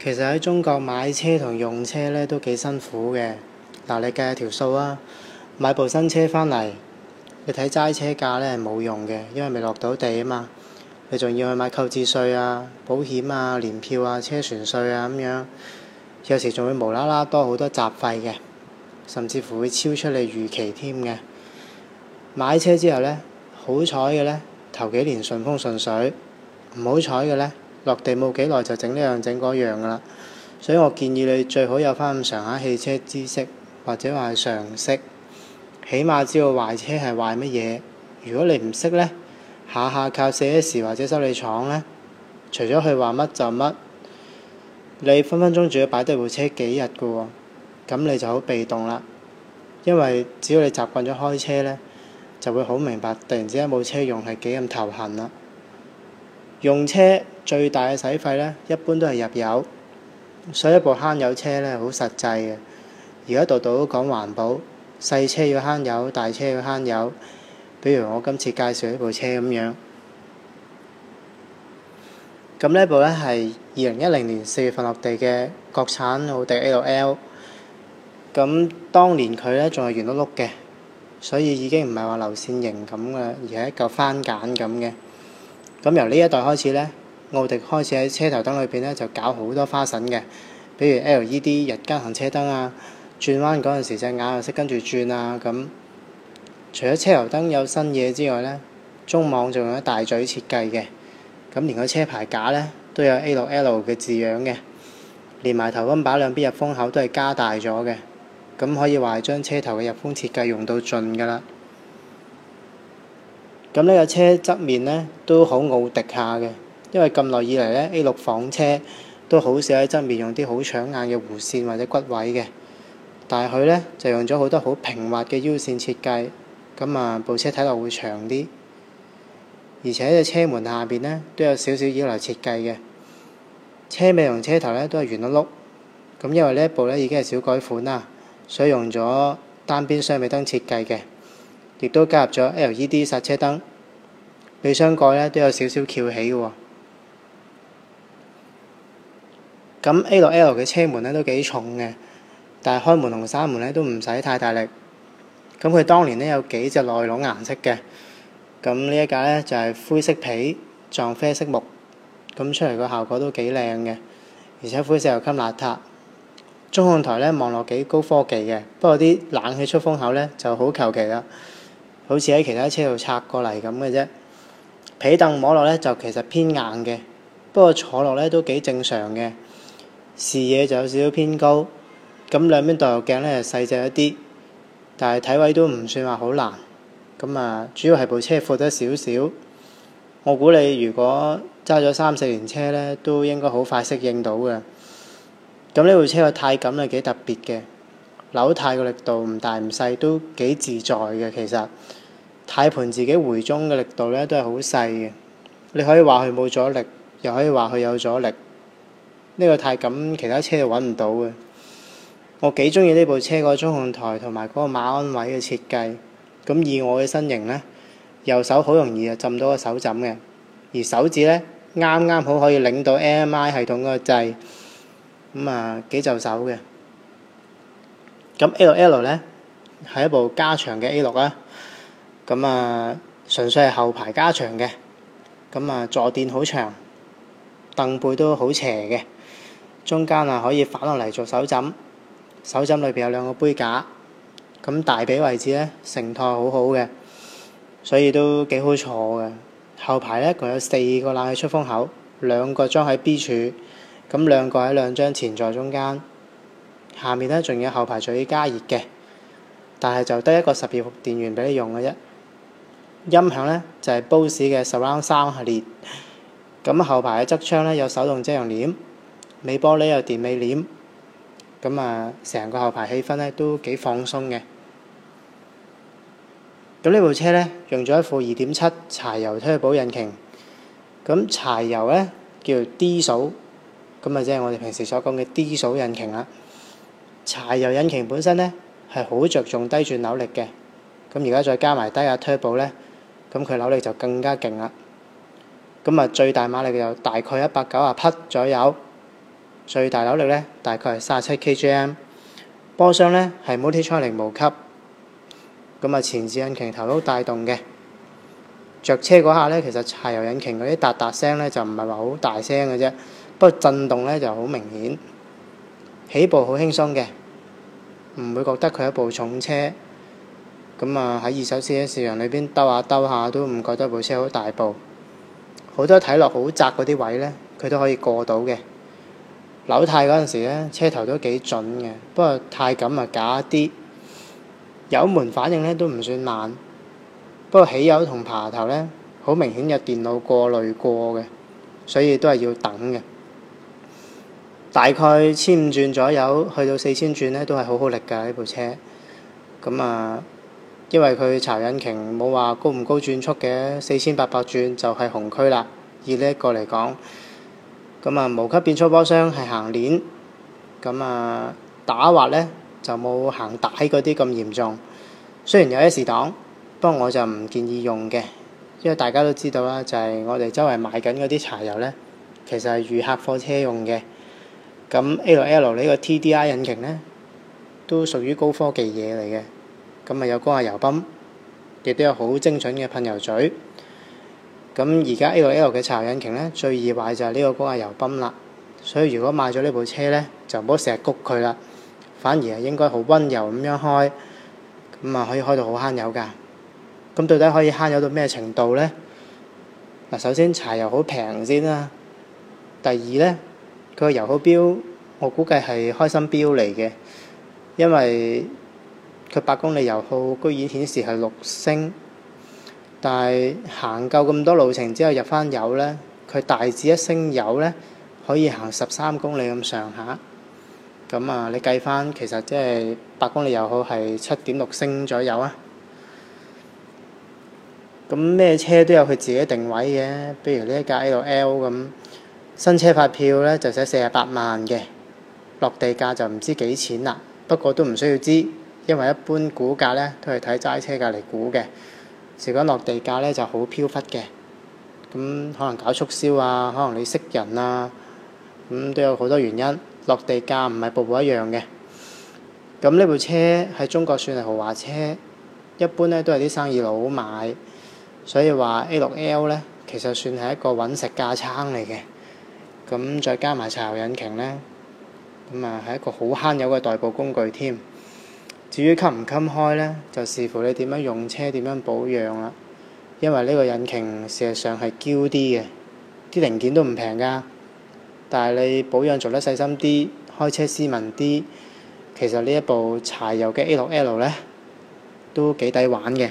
其實喺中國買車同用車咧都幾辛苦嘅。嗱、啊，你計下條數啊，買部新車翻嚟，你睇齋車價咧係冇用嘅，因為未落到地啊嘛。你仲要去買購置稅啊、保險啊、年票啊、車船稅啊咁樣，有時仲會無啦啦多好多雜費嘅，甚至乎會超出你預期添嘅。買車之後咧，好彩嘅咧，頭幾年順風順水；唔好彩嘅咧。落地冇幾耐就整呢樣整嗰樣啦，所以我建議你最好有翻咁上下汽車知識或者話係常識，起碼知道壞車係壞乜嘢。如果你唔識呢，下下靠四 S 或者修理廠呢，除咗佢話乜就乜，你分分鐘仲要擺低部車幾日噶喎。咁你就好被動啦，因為只要你習慣咗開車呢，就會好明白。突然之間冇車用係幾咁頭痕啦，用車。最大嘅使費呢，一般都係入油，所以一部慳油車呢，好實際嘅。而家度度都講環保，細車要慳油，大車要慳油。比如我今次介紹呢部車咁樣，咁呢部呢，係二零一零年四月份落地嘅國產奧迪 A6L。咁當年佢呢，仲係圓碌碌嘅，所以已經唔係話流線型咁嘅，而係一嚿番梘咁嘅。咁由呢一代開始呢。奧迪開始喺車頭燈裏邊呢，就搞好多花臣嘅，比如 LED 日間行車燈啊，轉彎嗰陣時隻眼又識跟住轉啊。咁除咗車頭燈有新嘢之外呢，中網仲有大嘴設計嘅，咁連個車牌架呢，都有 A6L 嘅字樣嘅，連埋頭燈把兩邊入風口都係加大咗嘅，咁可以話係將車頭嘅入風設計用到盡噶啦。咁呢個車側面呢，都好奧迪下嘅。因為咁耐以嚟呢 A6 房車都好少喺側面用啲好搶眼嘅弧線或者骨位嘅，但係佢呢，就用咗好多好平滑嘅腰線設計，咁啊部車睇落會長啲，而且喺車門下邊呢，都有少少腰嚟設計嘅，車尾同車頭呢，都係圓碌碌。咁因為呢一部呢已經係小改款啦，所以用咗單邊雙尾燈設計嘅，亦都加入咗 LED 煞車燈，尾箱蓋呢，都有少少翹起嘅喎。咁 A 六 L 嘅車門呢都幾重嘅，但係開門同閂門呢都唔使太大力。咁佢當年呢有幾隻內籠顏色嘅，咁呢一架呢就係灰色皮撞啡色木，咁出嚟個效果都幾靚嘅，而且灰色又襟邋遢。中控台呢望落幾高科技嘅，不過啲冷氣出風口呢就好求其啦，好似喺其他車度拆過嚟咁嘅啫。皮凳摸落呢就其實偏硬嘅，不過坐落呢都幾正常嘅。視野就有少少偏高，咁兩邊倒後鏡呢細隻一啲，但係睇位都唔算話好難。咁啊，主要係部車闊得少少，我估你如果揸咗三四年車呢，都應該好快適應到嘅。咁呢部車個軚感係幾特別嘅，扭軚個力度唔大唔細都幾自在嘅。其實軚盤自己回中嘅力度呢都係好細嘅，你可以話佢冇阻力，又可以話佢有阻力。呢個太感，其他車就揾唔到嘅，我幾中意呢部車個中控台同埋嗰個馬鞍位嘅設計。咁以我嘅身形呢，右手好容易啊浸到個手枕嘅。而手指呢，啱啱好可以擰到 AMI 系統嗰個掣。咁啊幾就手嘅。咁 A6L 呢，係一部加長嘅 A 六啦。咁啊純、啊、粹係後排加長嘅。咁啊坐墊好長，凳背都好斜嘅。中間啊可以反落嚟做手枕，手枕裏邊有兩個杯架，咁大髀位置咧承托好好嘅，所以都幾好坐嘅。後排咧共有四個冷氣出風口，兩個裝喺 B 柱，咁兩個喺兩張前座中間，下面咧仲有後排座椅加熱嘅，但係就得一個十二伏電源俾你用嘅啫。音響咧就係 Bose 嘅 Surround 三系列，咁後排嘅側窗咧有手動遮陽簾。尾玻璃又電尾簾，咁啊，成個後排氣氛呢都幾放鬆嘅。咁呢部車呢，用咗一副二點七柴油推保引擎，咁柴油呢，叫 D 數，咁啊即係我哋平時所講嘅 D 數引擎啦。柴油引擎本身呢，係好着重低轉扭力嘅，咁而家再加埋低壓推保呢，咁佢扭力就更加勁啦。咁啊，最大馬力就大概一百九十匹左右。最大扭力呢，大概係三十七 kgm 波箱呢，係 Multitronic 無級，咁啊，前置引擎頭都帶動嘅。着車嗰下呢，其實柴油引擎嗰啲嗒嗒聲呢，就唔係話好大聲嘅啫，不過震動呢，就好明顯。起步好輕鬆嘅，唔會覺得佢係一部重車咁啊。喺二手車市場裏邊兜下兜下都唔覺得部車好大部，好多睇落好窄嗰啲位呢，佢都可以過到嘅。扭軚嗰陣時咧，車頭都幾準嘅，不過軚感啊假啲，油門反應呢，都唔算慢，不過起油同爬頭呢，好明顯有電腦過濾過嘅，所以都係要等嘅。大概千五轉左右去到四千轉呢，都係好好力㗎呢部車，咁啊，因為佢柴引擎冇話高唔高轉速嘅，四千八百轉就係紅區啦。以呢一個嚟講。咁啊，無級變速波箱係行鏈，咁啊打滑呢就冇行帶嗰啲咁嚴重。雖然有 S 檔，不過我就唔建議用嘅，因為大家都知道啦，就係、是、我哋周圍賣緊嗰啲柴油呢，其實係預客貨車用嘅。咁 L L 呢個 T D I 引擎呢，都屬於高科技嘢嚟嘅。咁啊，有高壓油泵，亦都有好精準嘅噴油嘴。咁而家 L.L. 嘅柴油引擎咧，最易壞就係呢個高壓油泵啦。所以如果買咗呢部車咧，就唔好成日谷佢啦，反而係應該好温柔咁樣開，咁啊可以開到好慳油噶。咁到底可以慳油到咩程度咧？嗱，首先柴油好平先啦。第二咧，佢個油耗標，我估計係開心標嚟嘅，因為佢百公里油耗居然顯示係六升。但係行夠咁多路程之後入翻油呢，佢大致一升油呢可以行十三公里咁上下。咁啊，你計翻其實即係百公里油耗係七點六升左右啊。咁咩車都有佢自己定位嘅，比如呢一架 A6L 咁，新車發票呢就寫四十八萬嘅，落地價就唔知幾錢啦。不過都唔需要知，因為一般估價呢都係睇齋車價嚟估嘅。時間落地價呢就好飄忽嘅，咁可能搞促銷啊，可能你識人啊，咁都有好多原因。落地價唔係部部一樣嘅，咁呢部車喺中國算係豪華車，一般呢都係啲生意佬買，所以話 A6L 呢其實算係一個揾食架撐嚟嘅，咁再加埋柴油引擎呢，咁啊係一個好慳油嘅代步工具添。至於襟唔襟開呢，就視乎你點樣用車、點樣保養啦。因為呢個引擎事實上係嬌啲嘅，啲零件都唔平㗎。但係你保養做得細心啲、開車斯文啲，其實呢一部柴油嘅 A6L 呢，都幾抵玩嘅。